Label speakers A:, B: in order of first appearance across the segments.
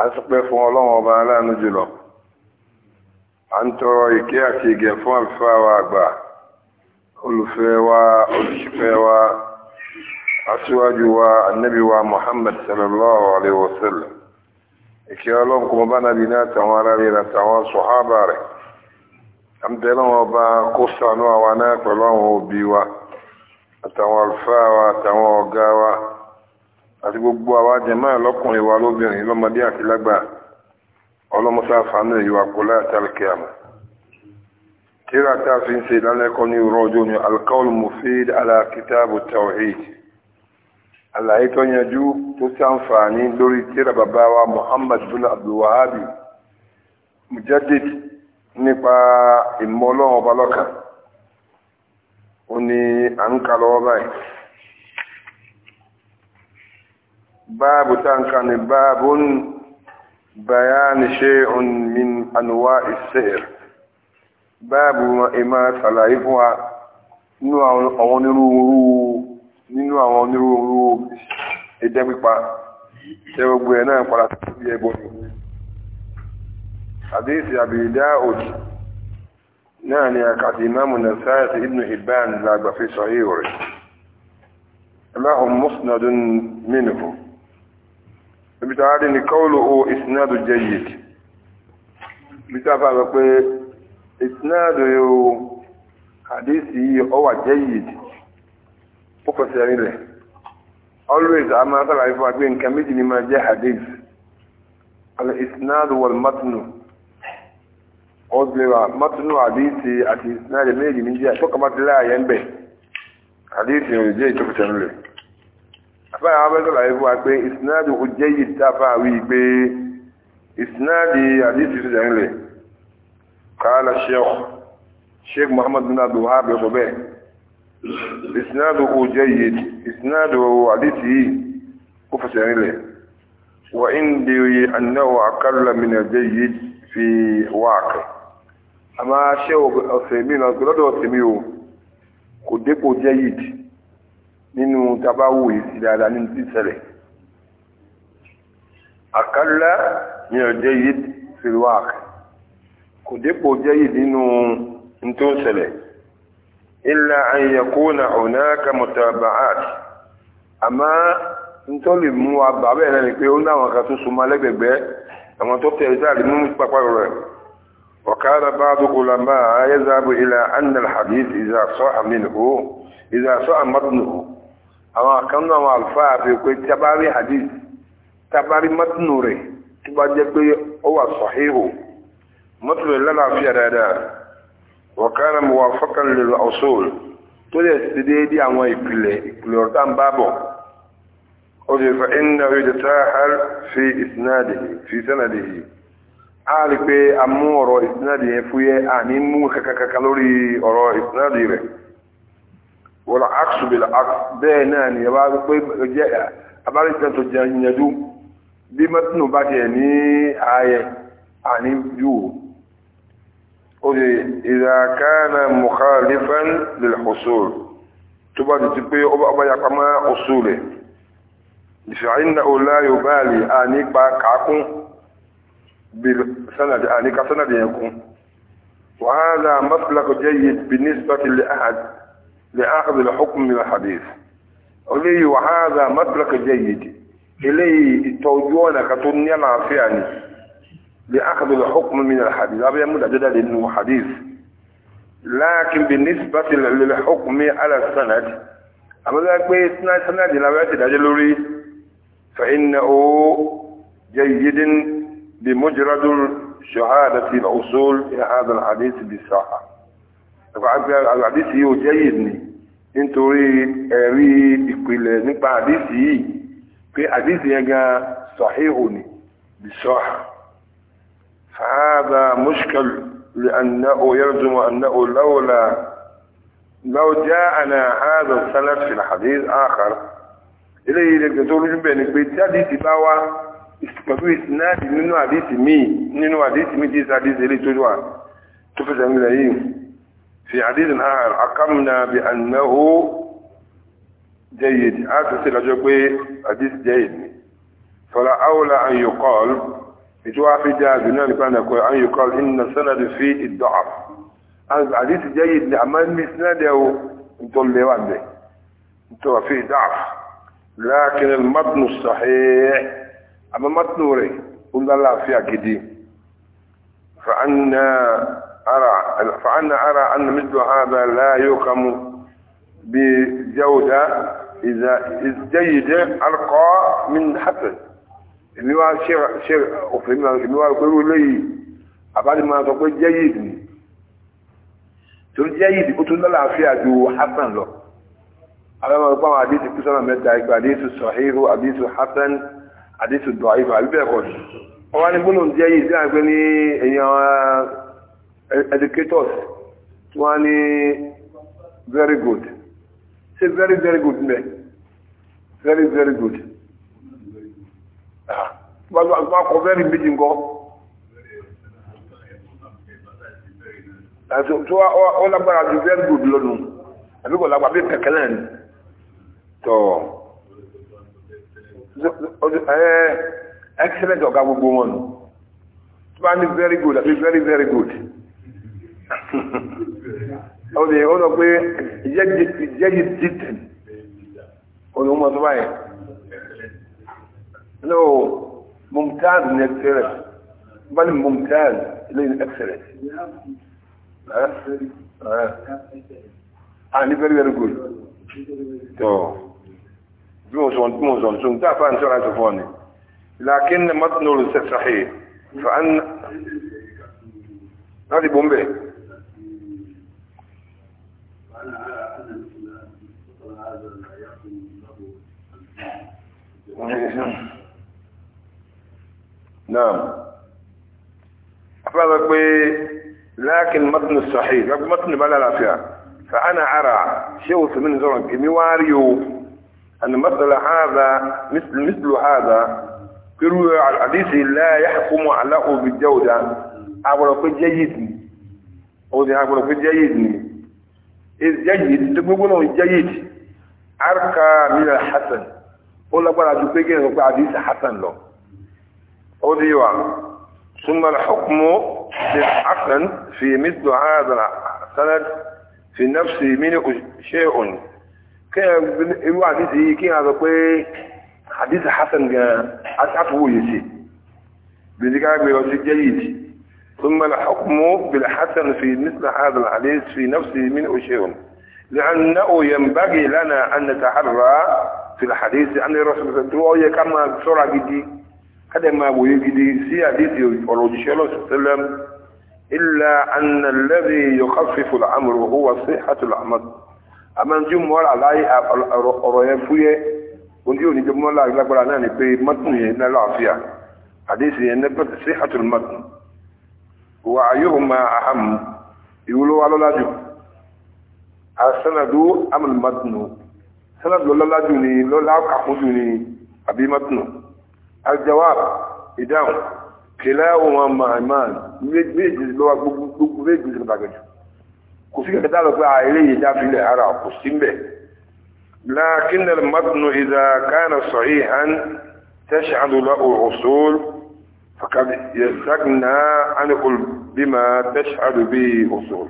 A: a sọpẹ́ fún ọlọ́run ọba aláàánú jùlọ a ń tọrọ ìkẹ́ àti ìgẹ̀ fún àlùfáà wa àgbà olùfẹ́ wa olùṣìfẹ́ wa aṣíwájú wa annabi wa muhammad sallallahu alaihi wasallam ìkẹ́ ọlọ́run kó bá nàbí náà tàwọn ará rẹ̀ àtàwọn àti gbogbo àwa jẹ̀mọ́ àlọ́kùnrin wa lóbìnrin lọ́mọdé àti lágbà ọlọ́mọsá fàánù ìwà kò láti alkiyama tíra ta fi ń ṣe ìdánilẹ́kọ́ ní rọ́jò ní alkaul mufid ala kitabu tawhid àlàyé tó yanjú tó sàǹfààní lórí tíra bàbá wa muhammad bin abdulwahabi mujaddid nípa ìmọ̀ ọlọ́run ọba lọ́kàn ó ní à ń kalọ́ báyìí باب تنكن باب بيان شيء من أنواع السحر باب إما سلايفها nínú àwọn onírúurú nínú àwọn onírúurú ẹjẹ́ pípa tẹ gbogbo ẹ̀ náà padà tó bí ẹbọ ni àdéhìsì àbìdá òjì náà ni àkàtì imáàmù na sáyẹ̀sì ibnu hibban lágbàfẹ́ sọ híhù rẹ̀ aláhùn mọ́sánadún mínú بتعالي لقوله إسناد جيد بتعالي بقى إسناد حديثي هو جيد مفسرين له always أما طلع يفاقين كمثل ما جاء حديث الإسناد والمتن أظلم متن حديثي أتي إسناد ميجي من جاء فقط لا ينبه حديثي وجيد مفسرين له afẹ́ àwọn abẹ́tọ̀ làyé fún wa pé ìsinádì ó jẹ́ yìí dáfà wí pé ìsinádì àdìsí ti dẹ̀ ńlẹ̀ kààlà sheikh sheikh muhammad bin abdul wahab sọ bẹ́ẹ̀ ìsinádì ó jẹ́ yìí ìsinádì àdìsí yìí ó fẹsẹ̀ ńlẹ̀ wà ìndí annáwó akálà min jẹ́ yìí fi wáàkì àmá sheikh ọ̀sẹ̀ mi lọ́dọ̀ ọ̀sẹ̀ mi ò kò dépò jẹ́ yìí nínú tabawo èsì dáadáa nínú tí ṣẹlẹ̀ àkálá ní ọjọ́ yìí fìlúwàk kò dépò jẹ́ yìí nínú tó ń ṣẹlẹ̀ ilá àyẹ̀kóna ọ̀nà kàmọ̀tàbàáàt àmá ń tó lè mú wa bà bẹ́ẹ̀ náà ni pé ó ní يذهب إلى أن الحديث إذا صح منه إذا صح متنه àwọn àkànnà àwọn àlùfáà àfi pé tabari hadith tabari matinu rẹ̀ tó bá jẹ́ pé ó wà sọ̀híhù matinu lálàáfíà dáadáa wọ̀kánà muwafakan lil usul tó lè ṣe déédé àwọn ìpìlẹ̀ ìpìlẹ̀ ọ̀tá ń bábọ̀ ó lè fa iná ìdí sáhàl fi isnadihi fi sanadihi a rí pé a mú ọ̀rọ̀ isnadihi fúyẹ́ àní mú kàkàkà lórí ọ̀rọ̀ isnadihi rẹ̀ wọ́n akṣu bí bẹ́ẹ̀ náà ni a bá rí pé jẹ́ abárí tẹ́tọ̀ jẹ́yẹdú bí mẹ́tìnù bá tiẹ̀ ní ààyè àní yóò ó lè ìdàkánà mukhalifan lil husul tó bá ti ti pé ọba yapa mọ́ husul rẹ̀ ìfàyínà ọlá yorùbá lè àní pa kàákún bí sanadi àní ka sanadi yẹn kún wàhálà mọ́tìlákọ̀ jẹ́yẹ bí nísbàtì lè àhàdì لأخذ الحكم من الحديث ولي وهذا مسلك جيد إليه توجونا كتنينا فعلا لأخذ الحكم من الحديث أبي يمد أجدا لأنه حديث لكن بالنسبة للحكم على السند أما ذلك سند سند نبات الأجلوري فإنه جيد بمجرد شهادة الأصول إلى هذا الحديث بالصحة الحديث يجيدني جيدني nítorí ẹ̀rí ìpìlẹ̀ nípa àdísì yìí pé àdísì yẹn gan sọ̀híhù ni bisọ́hà fàábà mushkil lè annáhù yẹ́rùdùnmọ̀ annáhù láwọ́lá láwọ́ já àná àádọ́ sálàfì àdís àkàr ilé yìí lẹ́gbẹ̀ẹ́ tó rújú bẹ̀ ni pé tí àdísì bá wá pẹ̀lú ìsináàdì nínú àdísì في حديث آخر حكمنا بأنه جيد هذا سيلاجوكي حديث جيد فلا أولى أن يقال بتوافي جازنا لكان أن يقال إن سند في الضعف هذا حديث جيد لأمان مسنده مطلوان به انتوا فيه ضعف لكن المتن الصحيح أما متن ري قلنا الله فيها كده فأنا أرى فأنا أرى أن مثل هذا لا يقم بجودة إذا جيدة أرقى من حسن èmi wá ṣe òfin mi èmi wá pé ó léyìí àbájú máa sọ pé jẹ́yìd ni tó jẹ́yìd ó tún lálàáfíà ju hasan lọ àwọn ọmọ ìpáwọn àdéhùn kú sọ́nà mẹ́ta ìgbà àdéhùn sọ̀híhù àdéhùn hasan àdéhùn dọ̀ífà àbíbẹ̀ẹ̀kọ́ wọ́n wá ní gbóná jẹ́yìd sí àgbẹ̀ ní èèyàn educators tí very good ṣe very very good mẹ́ very very good ah, wọ́n kọ very méjì ńkọ́ tí wọ́n lágbára ju very good lọ́nu àbíkọ̀ lágbára bí kẹ̀kẹ́lẹ̀ ni tọ́ eh, excellent ọ̀gá gbogbo wọn tí wọ́n ní very good àti very very good ó ní ó lọ pé jẹ́jì títì olùmọ̀ tó báyìí no mumtaz ní excellent bá ní mumtaz ilé ní excellent ah, ah ní very very good tó bí mo sọ tí mo sọ tó ń tà fà ń sọ́ra tó fọ́ ni lakin matnul láti bọ́ نعم أفضل لكن متن الصحيح لكن متن بلا لا فأنا أرى شوث من زرق مواريو أن مثل هذا مثل مثل هذا كروي على الحديث لا يحكم علىه بالجودة أقول لك جيد أقول لك جيد إذ جيد تقولون جيد أركى من الحسن ó lágbára ju pé kéèyàn gba àdìsí hasan lọ ó di wa ثم الحكم للحسن في مثل هذا السند في نفس منه شيء kéèyàn irú àdìsí yìí kéèyàn sọ pé àdìsí hasan gan aṣáfowó yìí sí bìdíkà gbé lọ sí jẹ́yìí ثم الحكم بالحسن في مثل هذا الحديث في نفسه منه شيء لأنه ينبغي لنا أن نتحرى في الحديث أن الرسول صلى الله عليه وسلم كما بسرعة جدي هذا ما أبوه جدي سي حديث ورودي صلى الله عليه وسلم إلا أن الذي يخفف الأمر هو صحة العمل أما نجم ولا لاي أرأيفوية ونجم نجم ولا لقبلا ناني بي متن هنا العافية حديث ينبت صحة المتن وأيهما أهم يقولوا على الأجب السند أم المتن sanad ló lọ́lá jù ní lọ́lá kàkún jù ní àbí mọ́tùnà aljawab ìdáhùn kìlá ohun ọmọ àìmáà méjì lọ́wọ́ gbogbo méjì ló bàgẹ́ jù kò sí kẹta lọ pé àìlè yìí dáfilẹ̀ ara kò sí mbẹ̀ لكن المتن إذا كان صحيحا تشهد له الأصول فقد يستغنى عنه بما تشهد به أصول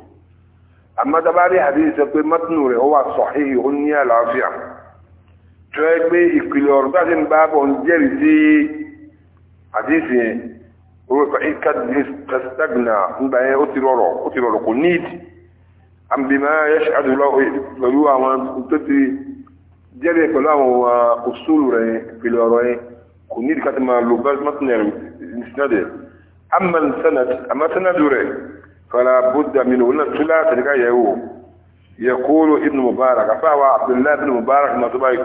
A: àmọ́ tábàárí àdéhùn sọ pé mọ́tínú rẹ̀ ó wà sọ̀hí ó ní àlàáfíà tó ẹ pé ìpìlẹ̀ ọ̀rọ̀ bá ti ń bá bọ̀ ń jẹ́rìí sí àdéhùn yẹn owó ìkọ́ ìkàdé tẹ́sítàgìnà ńgbà yẹn ó ti rọrọ̀ ó ti rọrọ̀ kò فلا بد منه ولا تلا تلقى يهو يقول ابن مبارك فهو عبد الله بن مبارك ما تبقى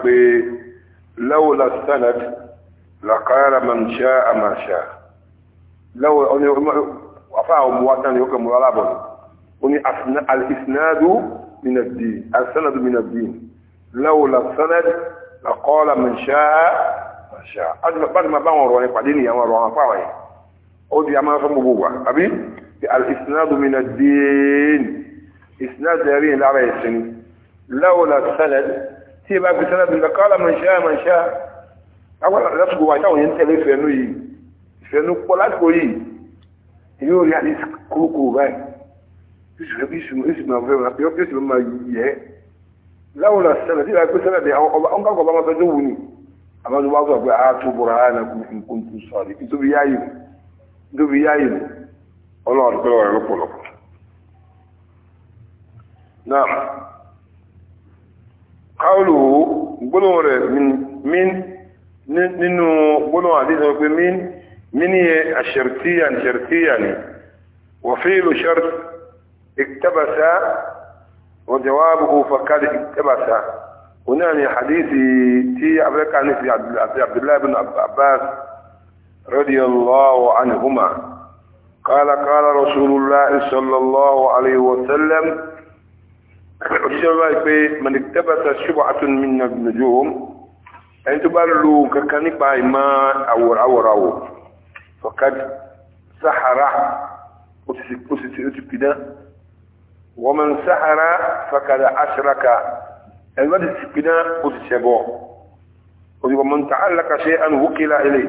A: لولا السند لقال من شاء ما شاء لو أفعه مواطن يوكم مغلبا وني الإسناد من الدين السند من الدين لولا السند لقال من شاء ما شاء أجل بعد ما بانوا رواني قديني يا مروانا فاوي أودي أما فمبوبة أبي الاسناد من الدين اسناد يرين على يسن لولا السند تيبا بسند قال من شاء من شاء اول رسق وايتاو ينتلي فنو يي فنو قولات كوي يوري حديث كوكو باي يسمع يسمع يسمع يسمع يسمع يي لولا السند تيبا بسند او انغا غبا ما تدوني اما ذو بعض ابو اتو برهانكم ان كنتم صادقين تبي يايم تبي يايم ọlọ́run tó lọ́rọ̀ lọ́pọ̀lọpọ̀ náà káwọlù gbólóhùn rẹ̀ min nínú gbólóhùn àdíjọ pé min miniye àṣẹ̀rtíyà ṣẹ̀rtíyà ni wọ̀fíìlù ṣẹ́rt ìtẹ́bàṣá وجوابه فكاد اقتبس هنا حديث تي عبد الله بن عباس رضي الله عنهما قال قال رسول الله صلى الله عليه وسلم من اكتبت شبعة من النجوم أن تبلو ككنبا ما أو أو أو فقد سحر أتسكنا ومن سحر فقد أشرك المدى سكنا أتسبو ومن تعلق شيئا وكل إليه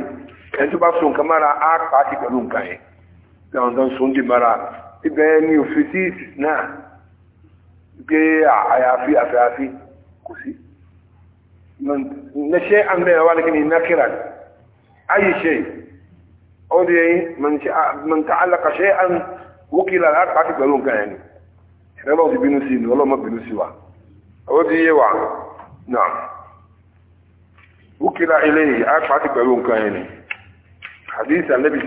A: أن تبصر كما رأى قاتل كنون كاين táwọn tó ń sún di mara ibẹ̀ ni òfin sí náà gbé àyàfi àfẹ́àfi kò sí nẹ́ṣẹ́ àmì wa ní kí ni nákìrà ayé ṣe ó di man ta'allaka shay'an wókìlà láti pàtí pẹ̀lú nǹkan ẹni ẹ̀rọ ti bínú sí ìlú ọlọ́mọ bínú sí wa ó di yé wa náà wókìlà ilé yìí á pàtí pẹ̀lú nǹkan ẹni hadith anabi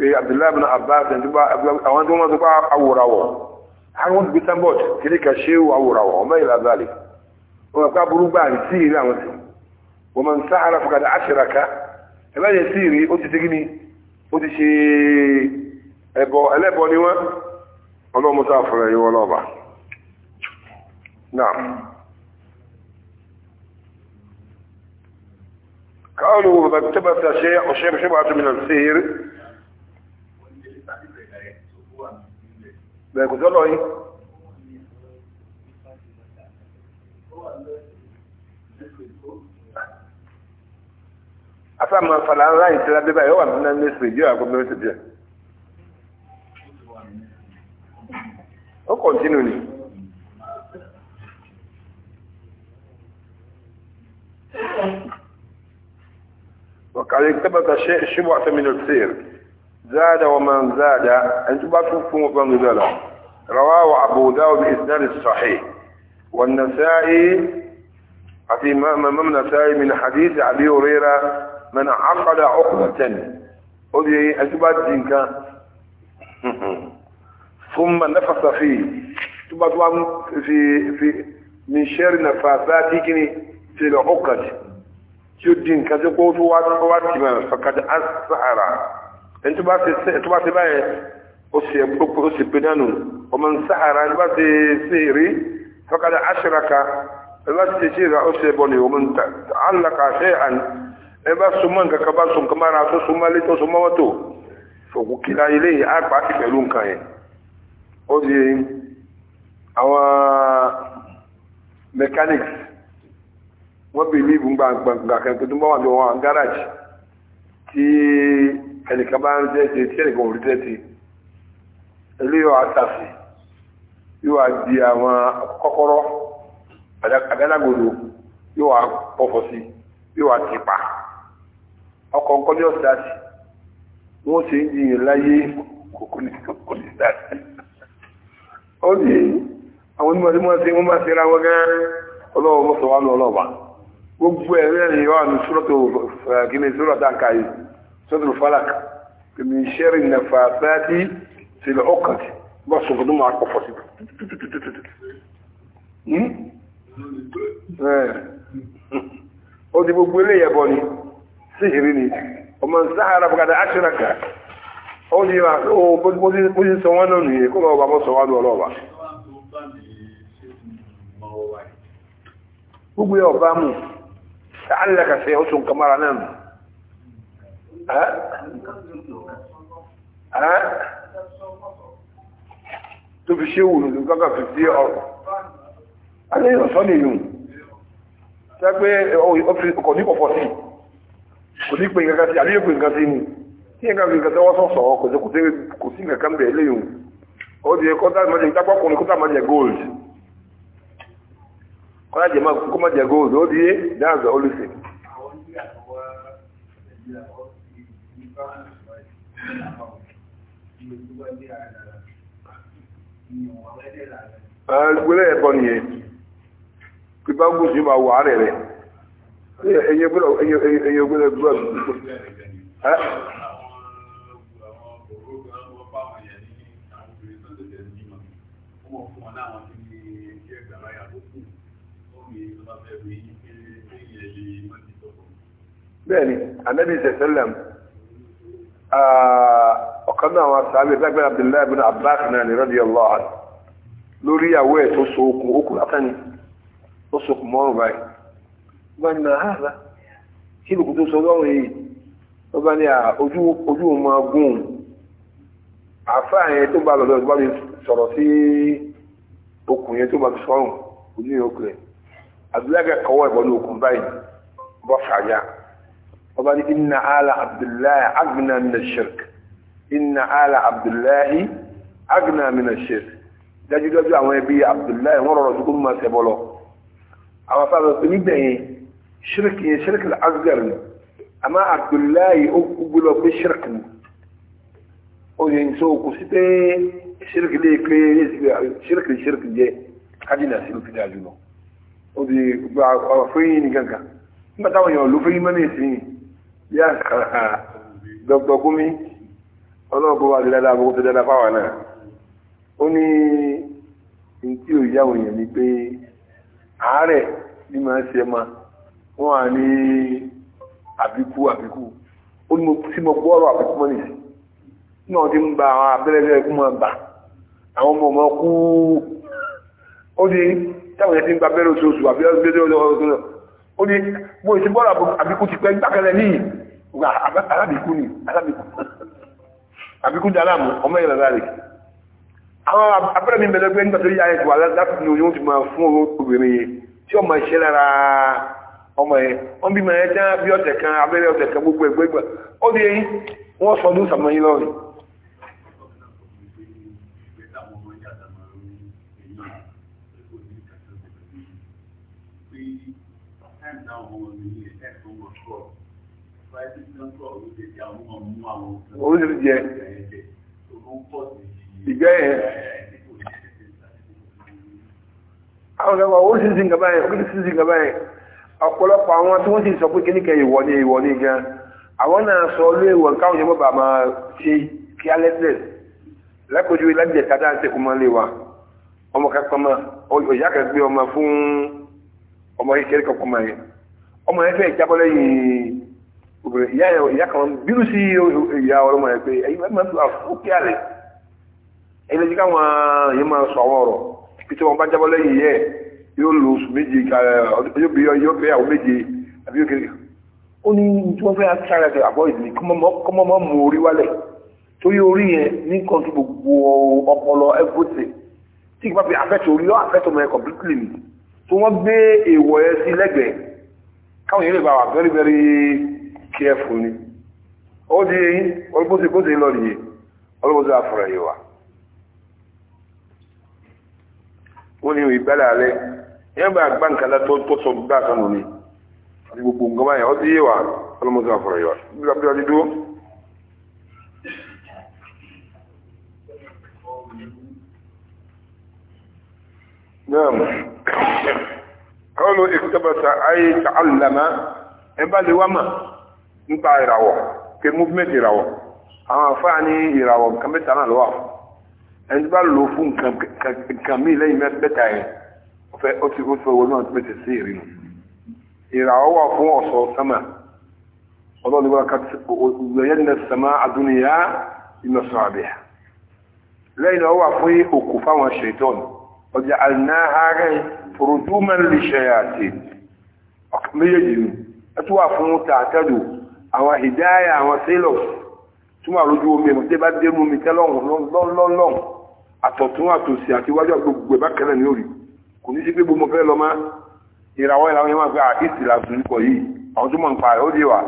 A: pé abdullahi bin abbas àwọn tó wọ́n tó bá awòràwọ̀ àwọn tó bí tambot kiri ka ṣe awòràwọ̀ ọmọ ìlà zali wọn ká burú gbà ní sí ìrí àwọn sí wọn mọ̀ nsá ara fọkàdà aṣèràká ẹgbẹ́ yẹn sí ìrí ó ti ṣe gíní ó ti ṣe ẹlẹ́bọ ni wọ́n ọlọ́mọ tó àfọ̀rọ̀ yìí wọ́n lọ́ba náà قالوا بتبت شيء bẹ̀rẹ̀ kò sọ́lọ́ yìí. afa ma fala ara yìí tẹ́lá bẹ́ẹ̀ báyìí ó wà nínú ẹni ẹsẹ̀ ìdí àgọ́ mẹ́rin tẹ̀lé. ó kọ̀ntínú ni. وقال يكتبك شيء شبعة من زاد ومن زاد أنت بكم وبن بلا رواه أبو داود بإسناد الصحيح والنسائي في مم نسائي من حديث أبي هريرة من عقد عقدة أدي أنت بدينك ثم نفخ فيه تبقى في في من شر نفاثاتك في العقد شدين كذا قوت واتما فقد أسعر ẹni tó bá ti báyẹ̀ ó sì ẹ̀pọ̀pọ̀ ó sì pé dánù ọmọ ń sáhara ẹni bá ti sí rí fọ́kadà aṣíraka ẹni bá ti ṣe ìrà ó sì ẹbọ ni ọmọ ń ta alaka ṣe àn ẹni bá súnmọ́ nǹkan kan bá sùn kan mára tó súnmọ́ lé tó súnmọ́ wọ́tò fòkù kíra ilé yìí àpá ti pẹ̀lú nǹkan yẹn ó di àwọn mechanics wọ́n believe gbàǹgbà tí ẹnìkan bá ń tẹ́tẹ́ tí ẹnìkan ò rí tẹ́tẹ́ eléyọ̀ àtàsì yóò wá di àwọn kọ́kọ́rọ́ àdálágbòdo yóò wá pọ̀fọ̀ sí yóò wá tìpa ọkọ̀ nǹkan ní ọ̀sẹ̀ àti wọ́n ṣe ń jiyàn láyé kòkó ní kòkó ní sáàtì ó ní gbogbo ẹ̀rẹ́ ni wà ní sọ́tò gíní sọ́tò àtàkà yìí sọ́tò falak kìmí sẹ́rì nàfà sáàtì sílẹ̀ ọkàn sí bá sọ̀tò tó máa kọ̀fọ̀ sí ó ti gbogbo eléyẹ bọ̀ ni síhìrì ni ọmọ sáhara bukata aṣíraka ó ti rà ó bó ti sọ wọn náà nìyẹn kó lọ́wọ́ bá mọ́ sọ wọn lọ́wọ́ bá gbogbo ẹ̀ ọ̀bá mu لعلك سيحسن كما رأنا ها ها تفشون لنكاك في الدي أرض عليه يصني يوم تاكوي كوني كفوتي كوني كوي كاسي عليه كوي كاسي ني تيه كاسي كاسي وصوصو كوزي كوزي كوزي كامبي ليوم ó di ẹkọ́ tá ìmọ̀jẹ̀ ìjápọ̀ kùnrin kó tá ìmọ̀jẹ̀ gold kọ́lá jẹ máa kó máa jẹ góòlù ó díye that's the only thing. gbẹ́lẹ́ ẹ̀kọ́ nìyẹn pípa gúúsù yóò máa wà á rẹ̀ rẹ̀ ẹ̀yẹ gbọ́dọ̀ ẹ̀yẹ gbọ́dọ̀ gbọ́dọ̀ Wọ́n fún wọn láwọn tí ní ẹgbẹ̀rún ayàbò fún bẹ́ẹ̀ni anabi sẹsẹlẹm ọ̀kan náà wọn sábẹ gbẹgbẹ abdullahi bin abbas náà ní radiyallahu anhu lórí ìyàwó ẹ tó so okùn okùn látàní tó so okùn mọ́rùn báyìí wọn ni náà hàlá kí lókùn tó so lọ́rùn yìí wọn bá ní ojú ojú ọmọ abdullahi ka kawo ìbọn ní okùn báyìí bọ́ fàájá ọba ní inna ala abdullahi agna min shirk inna ala abdullahi agna min shirk dájúdájú àwọn ẹbí abdullahi wọ́n rọrọ̀ tó kó mọ́ sẹ́bọ́ lọ àwọn afáàbẹ̀ tó níbẹ̀ yẹn shirk yẹn shirk al-asghar ni àmọ́ abdullahi ó gbúlọ pé shirk ni ó yẹ ní sọ kò shirk lè pé shirk shirk jẹ kájínà sí ló fi ó di ọ̀rọ̀ fún yìí ní gangan nígbà táwọn èèyàn ló fún yìí mọ́nà ìsìn bí a dr gumi ọlọ́ọ̀bọ̀ wà dáadáa bó tó dáadáa fáwọn náà ó ní ní tí ò yáwọn èèyàn ni pé àárẹ̀ ní máa ń ṣe ma wọ́n á ní àbíkú àbíkú ó ní tí mo gbọ́ ọ̀rọ̀ àbíkú mọ́nà ìsìn náà ti ń ba àwọn abẹ́rẹ́ ẹ̀kú máa bà àwọn ọmọ ọmọ kú ó di táwọn yẹn ti ń gba abẹ́rẹ́ oṣooṣù àbí abẹ́rẹ́ oṣooṣù ó ní mo ti bọ́ọ̀lù àbíkú ti pẹ́ gbàkẹ́lẹ́ níyì alábìkú ni alábìkú àbíkú di aláàmú ọmọ ìlànà rẹ̀ àwọn abẹ́rẹ́ mi bẹ̀rẹ̀ pé nígbà tó yá ẹ̀kọ́ láti ní oyún ti máa fún sometimes àwọn ọmọ mi ní ẹ̀ṣẹ́ tó mọ̀ kọ́ private doctor ló lè jẹ àwọn ọmọ mú àwọn ọmọ mi ní ẹ̀ṣẹ́ tó mọ̀ pọ̀ sí ìgbẹ́ yẹn. àwọn ọ̀gá wa ó sì sí nǹkan báyẹn ó sì sí nǹkan báyẹn ọ̀pọ̀lọpọ̀ àwọn tí wọ́n sì sọ pé kíníkẹ́ ìwọ ni ìwọ ni gan àwọn náà sọ ló èwọ̀ káwọn yẹn bọ́bà máa ṣe kí á lẹ́sẹ̀ lápòjú ilé lájẹ̀ká dáńtẹ́ kó máa lè wa ọmọ kan ọmọ fún ọmọ yìí kéré kankan máa yẹ ọmọ yẹn fẹ́ ìjábọ́ lẹ́yìn obìnrin ìyá yẹn ìyá kan bínú sí ìyá ọlọ́mọ yẹn pé ẹ̀yin máa ń lo àfúkẹ́ àlẹ́ ẹ̀yin lẹ́yìn káwọn yẹn máa sọ àwọn ọ̀rọ̀ bí tí wọ́n bá jábọ́ lẹ́yìn yẹ yóò lo oṣù méje yóò bí yóò bẹ́ àwọn méje àbí yóò kéré ó ní tí wọ́n fẹ́ sára ẹ̀ àbọ̀ ìdílé kọ́mọ́ mọ́ mú orí wálẹ̀ torí orí yẹn ní nǹkan tó gbogbo ọpọlọ ẹgbẹ́ tí kì bá fi àfẹ́tò orí yóò àfẹ́tò mọ́ ẹ tó wọ́n gbé èèwọ̀ ẹ sí lẹ́gbẹ̀ẹ́ káwọn yìí lè bá wà very very careful ni ó di eyín ọlọ́pọ̀sí bóṣe lọ nìyẹn ọlọ́pọ̀sí àfọ̀rọ̀ yìí wà wọ́n ní ìgbàlẹ̀ alẹ́ yẹn bá gbá nǹkan tó tó sọ bá kan nù ni àti gbogbo nǹkan báyẹn ó di yé wa ọlọ́pọ̀sí àfọ̀rọ̀ yìí نعم قالوا اكتبت اي تعلم ابالي وما نبا يراوه كي موفمنت يراوه اما فاني يراوه كم بتاعنا الواقع ẹni bá lò fún nǹkan mí lẹ́yìn mẹ́ta yẹn ọ̀fẹ́ ó ti ó ti fẹ́ wọnú àti mẹ́tẹ̀ sí ìrìnà ìràwọ̀ wà fún ọ̀sọ̀ sẹ́mà ọlọ́run nígbà ká òyìn ní sẹ́mà adúnìyá ìnọ̀sọ̀ àbẹ̀ lẹ́yìn náà wà fún òkú fáwọn ṣètọ́nù وجعلناها رجوما للشياطين أقمية أتوا فمو تعتدوا أو هداية أو سيلو ثم رجوع من مكتبة ديمو متلون لون لون لون لون أتوتوا أتوسي أتواجه ببكرة نوري كوني سيبي بمفعل ما ìràwọ̀ ìlàwọ̀ yẹn máa fi àkíyèsí làásù nípò yìí àwọn tó mọ̀ nípa rẹ̀ ó di wa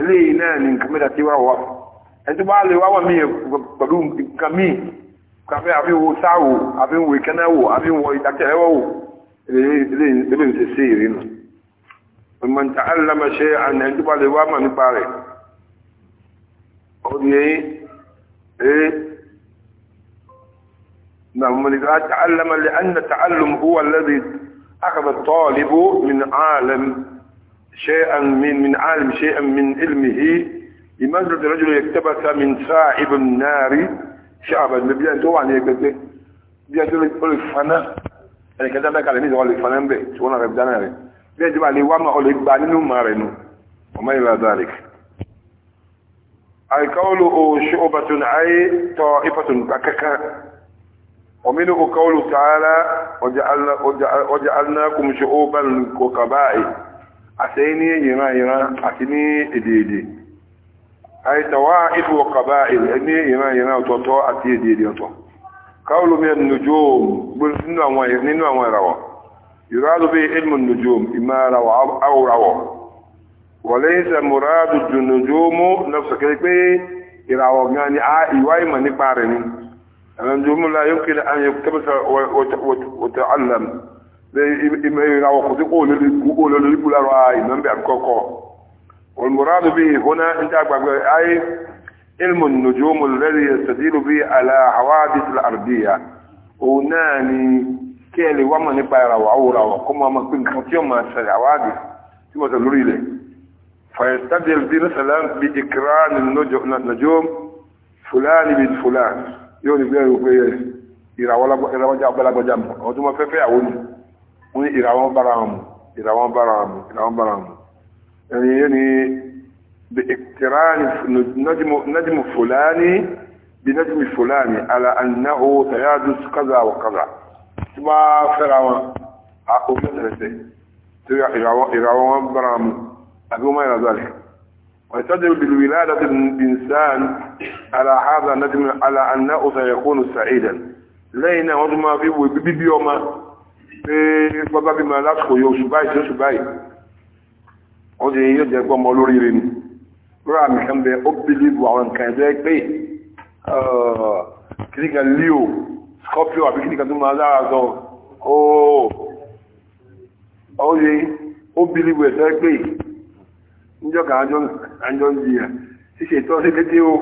A: eléyìí náà ni nǹkan mẹ́ta tí wà wá ẹni tó bá lè wá wà míì pẹ̀lú nǹkan míì kàfí àfi wo sáwò àfi wo ìkẹ́nẹ́wò àfi wo ìdákẹ́wò ilé ìṣe sí ìrìnà ìmọ̀ntà alìlámẹ́ṣẹ́ àná ìjọba lè wá mà nípa rẹ̀ ó ní ẹ́ نعملها تعلم لأن التعلم هو الذي أخذ الطالب من عالم شيئا من من عالم شيئا من علمه لماذا الرجل يكتبس من صاحب النار ṣe àbẹ̀lẹ̀ bí ẹni tó wà ní ẹgbẹ́gbẹ́ bí ẹni tó lè faná ẹni kẹta bẹ́ẹ̀ kalẹ̀ ní ìjọba lè faná ń bẹ̀ tí wọ́n rẹ̀ bí dáná rẹ̀ bí ẹni tó bá lè wá máa ọlẹ́ gba nínú màá rẹ̀ nù ọmọ ìlà dáre. àìkáwọlù oṣù ọbàtún ayé tọ ìfàtún kankan ọmọdé kò tààrà ọjà alákùn ṣe ó bá ń ní ìran ìran àti ní èdè àìtàwà ìlú ọkàbá ní ìran ìran ọ̀tọ̀ọ̀tọ̀ àti èdè èdè ọ̀tọ̀ káwọlù mi nùjò nínú àwọn ìràwọ̀ ìràdù bí ilmù nùjò ìmá àràwọ̀ àwòràwọ̀ wọlé ìsẹ̀ mùràdù jù nùjò mú lọ́pùsọ̀kẹ́ pé ìràwọ̀ gan ni a ìwá ìmọ̀ nípa rẹ̀ ni àwọn jùmú la yóò kí àwọn tẹ́bùsọ̀ wọ̀tẹ̀ allam ìràwọ̀ kò sí kó olólùkú lára ìmọ̀ والمراد به هنا انت اي علم النجوم الذي يستدل به على حوادث الارضيه وناني كيلي وما نبايرا وعورا وكما ما كن كتيوم ما حوادث كما تقولي لي فيستدل به مثلا بإكران النجوم فلان بن فلان يقول بيه ìràwọ̀ ọgbẹ́lagbọ́já àwọn tó mọ́ fẹ́fẹ́ àwọn ní ìràwọ̀ bára wọn mú ìràwọ̀ bára wọn mú ìràwọ̀ bára يعني يعني باقتران نجم نجم فلاني بنجم فلاني على انه سيحدث كذا وكذا ثم فرعون اقوم بثلاثه يراون برام اقوم الى ذلك ويتدل بالولادة الإنسان على هذا النجم على أنه سيكون سعيدا لين وضما في بيبي يوما في بابا بما لا تخيو شباي ó di yóò jẹ́ pọ́ ọmọ olóríire ni lórí àmì kan bẹ ó bìlíìbù àwọn nǹkan ẹ̀jẹ̀ pé uh, kìnnìkan leo scorpio àbí kìnnìkan tó máa lára sọ ooo ó di ó bìlíìbù ẹ̀jẹ̀ pé níjọ́ kan àjọ ń jìyà ṣíṣe ìtọ́ sí kété o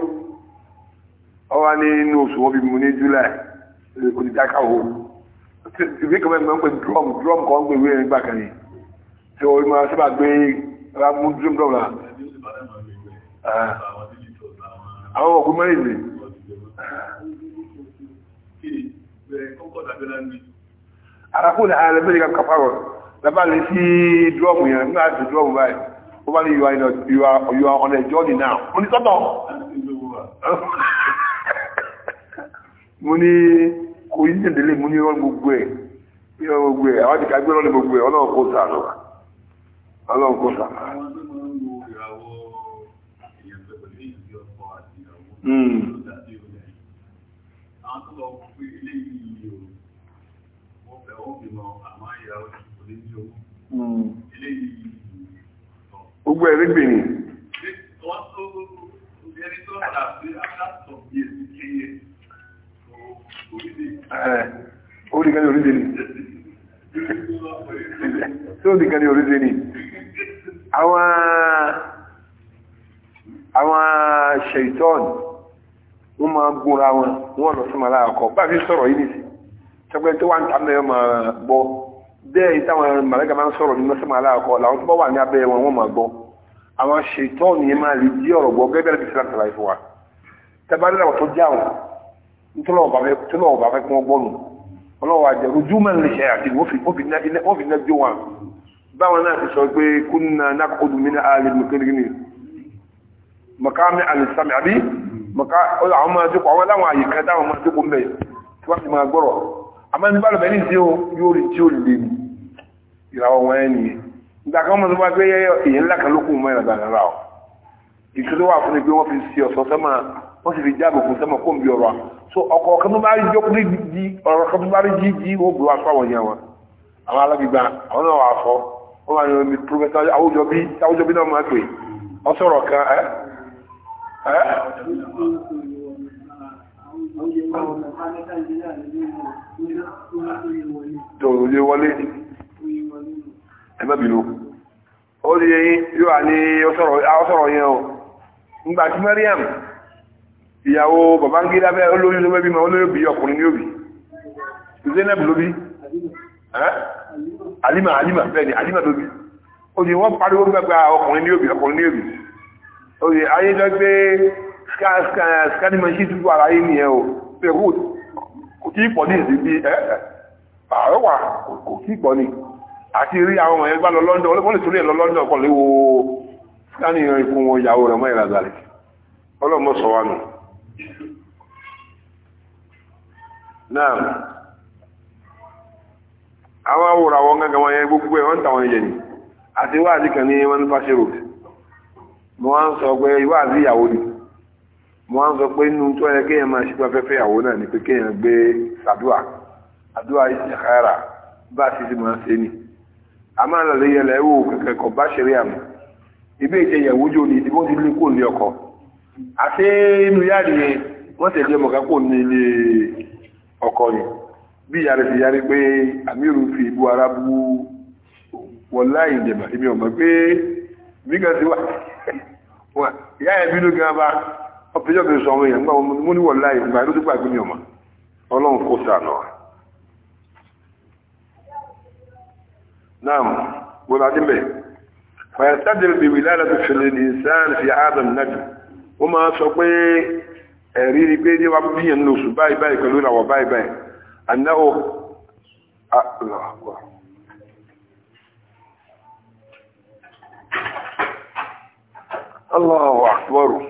A: ọ wá ní inú oṣù wọn bí mo ní july kò ní dáká o ìwé kan mẹ́rin máa ń pè drum drum kan ń gbé ìwé ẹ̀rín gbà kan yìí tí ó máa sábà gbé ra mú dream ah. dọ́gba àwọn ọkùn mẹ́rin ni arákùnrin ààrẹ mẹ́rin kan kàfàrọ̀ lábá lè sí drọ́ọ̀mù yẹn nígbà tí drọ́ọ̀mù báyìí ó bá ní you are on a journey now mo ní sọ́tọ̀ mo ní kò yí ìdílé mo ní rọ́n gbogbo ẹ̀ àwọn ti kàgbé rọ́n gbogbo ẹ̀ ọlọ́run kó sáà lọ́wọ́ ọlọ́run kó sà. Hmm. Gbogbo ẹ̀rí gbìyànjú. Ó ní orí dé ní. Tó dìkan ní orí dé ní àwọn àwọn ṣèitọ́n wọ́n máa gúnra wọn wọ́n lọ sí màlá àkọ́ bá fi sọ̀rọ̀ yìí nìsí tọ́gbẹ́ tó wà ń tàbí ọmọ gbọ́ bẹ́ẹ̀ ìtàwọn màlẹ́gà máa ń sọ̀rọ̀ nínú sí màlá àkọ́ làwọn tó bá wà ní abẹ́ wọn wọ́n máa gbọ́ àwọn ṣèitọ́n yẹn máa lè jí ọ̀rọ̀ gbọ́ gẹ́gẹ́ bí sílá tàbí fún wa tẹ́bárí làwọn tó já wọn nítorí ọ̀bà fẹ́ kún ọgbọ́nù ọlọ́wọ́ àjẹ́ ojú mẹ́rin lè ṣe àti wọ́n fi ná jó wọn báwọn náà ti sọ pé kúnnà nákòdù mínà ààrẹ mọ̀kẹ́rẹ́gẹ́ni makami alisami àbí àwọn ọmọ ẹjọ́ àwọn aláwọ̀ àyè kan dáwọn ọmọ ẹjọ́ mẹ́ tí wọ́n ti máa gbọ́rọ̀ àmọ́ ní bára bẹ̀rẹ̀ tí ó yóò rí tí ó lè mú ìràwọ̀ wọn ẹ̀ nìyẹn nígbà kan mọ̀ tó bá gbé èyí ńlá kan lókùn mọ́ so ọkọ̀ ọ̀kan tó di ọ̀rọ̀ kan tó bá rí jí jí ó bu aṣọ àwọn yẹn àwọn náà wà fọ́ wọ́n wà ní omi professor àwùjọ bí àwùjọ bí náà máa pè ọ sọ̀rọ̀ kan ẹ́ ẹ́ tòrò lè wọlé ẹgbẹ́ bìlú ó lè yíò wà ní ọsọ̀rọ̀ yẹn o ngbà tí Mariam ìyàwó Babangida bẹ́ẹ̀ olóyún ló mẹ́bí ma olóyún bí ọkùnrin ní òbí Zainab ló bí ẹ́ alima alima bẹ́ẹ̀ ni alima lóbi ó di wọ́n pariwo gbẹ́gbẹ́ ah, ọkùnrin ní òbí ọkùnrin ní òbí ó di ayé lọ gbé scanimachine tuntun ara yìí nìyẹn o pé kò tí pọ̀ ní ìsìn bí ẹ́ àrọ́wà kò tí pọ̀ ní àti rí àwọn ọmọ yẹn lọ London wọ́n lè torí ẹ̀ lọ London kọ̀ léwo scanning ikun wọn ìyàwó rẹ̀ mọ́ ìrànlẹ̀ ọlọ́mọ sọ àwọn awòrán àwọn gangan wọn yẹn gbogbo ẹ̀ wọ́n tàwọn yẹn ni àti wáàzí kan ní wọ́n ń fàṣẹ road mo wá ń sọ pé ìwáàzí ìyàwó ni mo wá ń sọ pé inú tó yẹ kéèyàn máa ṣípa fẹ́fẹ́ ìyàwó náà ni pé kéèyàn gbé sàdúà àdúà ìṣẹ̀kára bá a sì ti máa ṣe ni a máa lọ lẹ́yìn ẹlẹ́ wò kẹ̀kẹ́ kọ̀ bá ṣeré àmì ibi ìṣe ìyàwó jò ní ibi wọ́n ti lé kó lé ọkọ àti inú yáàdì yẹn wọ́n tẹ̀lé ọmọ ká ní ilé ọkọ yẹn bí yàrá ti yàrá pé amírù fi ìbú ara bú wọn láì jẹ̀bà èmi ọ̀mọ̀ pé bíkan ti wà ìyá ẹ̀ bínú gan bá ọ̀pẹ̀jọ́ mi sọ àwọn èèyàn gbà mo ní wọ̀ láì gbà ló tó gbà gbìmí ọ̀mọ̀ ọlọ́run kó sànà náà wọn adé mẹ́ fàyàtàdìrì bèbè lára tó fẹ̀lẹ̀ ní sáà fi adam náà wọ́n máa sọ pé ẹ̀rí ni pé ní wàá bí yẹn lóṣù báyìí báyìí pẹ̀lú ìràwọ̀ báyìí báyìí أنه آه، الله أكبر الله أكبر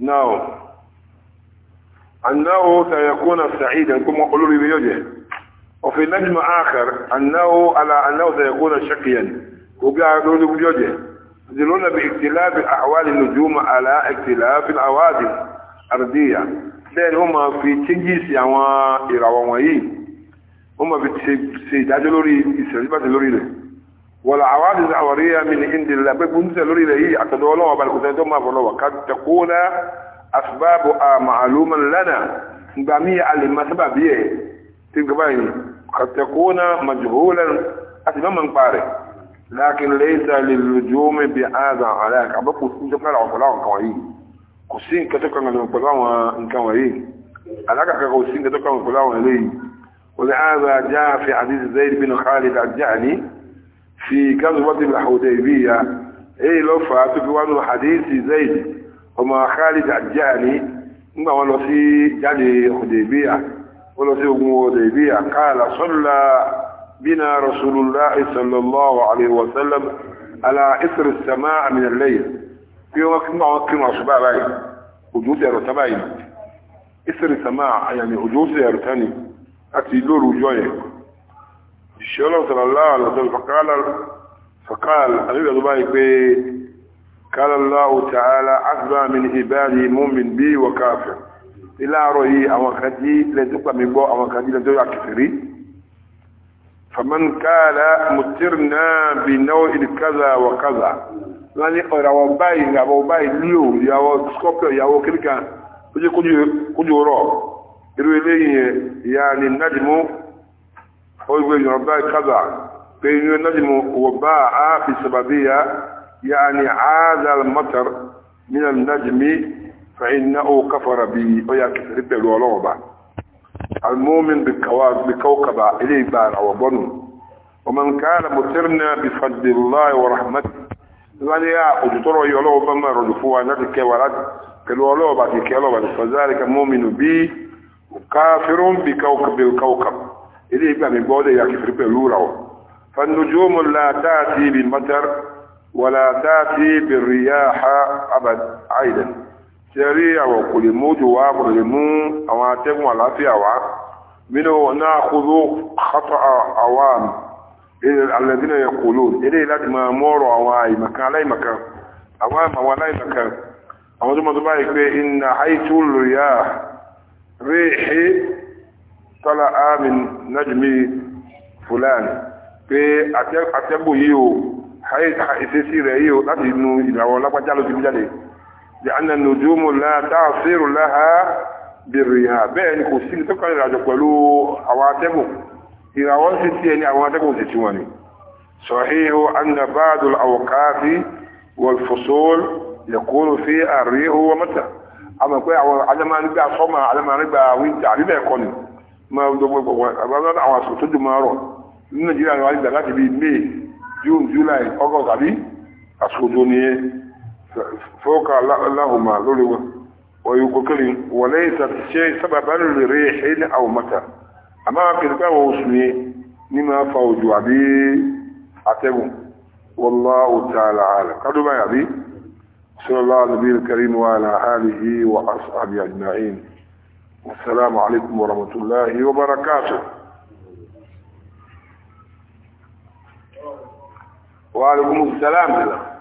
A: نعم أنه سيكون سعيدا كما قلوا لي بيوجه وفي نجم آخر أنه على أنه سيكون شقيا وقالوا لي بيوجه يدلون باختلاف أحوال النجوم على اختلاف العوادم الأرضية bẹ́ẹ̀ ni wọ́n máa fi changes àwọn ìràwọ̀ wọ̀nyí wọ́n máa fi ṣe ìdájọ́ lórí ìṣẹ̀lẹ̀bàtì lórí rẹ̀ wọ̀lá àwádìí sí àwárí àmì ní ìdí ilẹ̀ pé gbóńtẹ̀ lórí rẹ̀ yìí àtọ̀dọ̀ ọlọ́wọ́ balẹ̀ kòtẹ́ tó máa bọ̀ lọ́wọ́ ká tẹ̀kó ná asibáàbò àmàlùmọ̀ lánàá ìgbà míì alẹ́ kò sí nǹkan tó kàn lọ́wọ́ pẹ̀lú àwọn nǹkan wọ̀nyí alákàkà kò sí nǹkan tó kàn pẹ̀lú àwọn eléyìí ولهذا جاء في حديث زيد بن خالد الجهني في غزوة الحديبية اي لو فاتوا في وانو حديث زيد وما خالد الجهني ما ولو في جالي الحديبية ولو في الحديبية قال صلى بنا رسول الله صلى الله عليه وسلم على إثر السماء من الليل bí wọ́n kí wọ́n kí wọ́n ṣùgbọ́n báyìí òjò ti ẹ̀rọ tán báyìí ìsẹ̀rẹ̀ sàmà àyàní òjò ti ẹ̀rọ tán ni láti lóru ọjọ́ yẹn ìṣẹ́ ọlọ́run sọ̀rọ̀ láàrín ọ̀sán fàkàlà fàkàlà àríwá tó báyìí pé kálá láwù tààlà àgbà ní ìbáàdì mọ́mìn bí wọ́n káfẹ́ ní yìí àwọn kan jí lẹ́tọ́ pàmí gbọ́ àwọn kan jí lẹ́tọ́ àkẹfẹ́rí فمن قال مترنا بنوع كذا وكذا wọ́n ní ọ̀ràwọ̀ báyìí ìràwọ̀ báyìí líò ìyàwó scorpio ìyàwó kíríkà tó jẹ́ kójú rọ̀ irú eléyìn ìyá ni nájìmú orígbé ìyàn báyìí kádà pé inú nájìmú wọ bá a fi sàbàbí ya ya ni àádàl mọ́tàr nínú nájìmí fa'in náà ó káfàrà bí ọya kìfẹ̀rí pẹ̀lú ọlọ́wọ̀ bá المؤمن بكوكب إليه بار وبنو ومن كان مترنا بفضل الله ورحمته يعني يا يولو بما رجفوا نتك ولد كالولو باتك يولو فذلك مؤمن بي وكافر بكوكب الكوكب إليه بار بوده يا بلوره فالنجوم لا تأتي بالمطر ولا تأتي بالرياح أبد عيدا tẹ́rí àwọn kò lè mú òjò wá kò lè mú àwọn atẹ́gùn àlàáfíà wá mínú náà kúrò kátọ́ àwà alẹ́dínà yẹ kò lò ilé láti máa mọ́rọ̀ àwọn àìmọ̀kan aláìmọ̀kan àwọn àmàwọn aláìmọ̀kan àwọn tó mọ́ tó báyìí pé iná àìtú lòyà rí ṣe tọ́lá àmìn nájùmí fúlàn pé atẹ́gùn yìí o لأن النجوم لا تعصير لها بالرياح بين كوسين تقل الرجل قالوا عواتبه إلى وانسي يعني عواتبه ستواني صحيح أن بعض الأوقات والفصول يكون فيها الريح ومتى أما كوي على ما نبع صمع على ما نبع وينتع ربع كوني ما أبدا عواصل تجو مارو من جيران والد لا تبي مي جون جولاي أغوز علي أسكتوني فوق لهما لولو ويقول وليس شيء سببا لريح او متى اما كذبا وسمي نما فوج عبي اتبو والله تعالى عالم قالوا يا ابي صلى الله على النبي الكريم وعلى اله واصحابه اجمعين والسلام عليكم ورحمه الله وبركاته وعليكم السلام عليكم.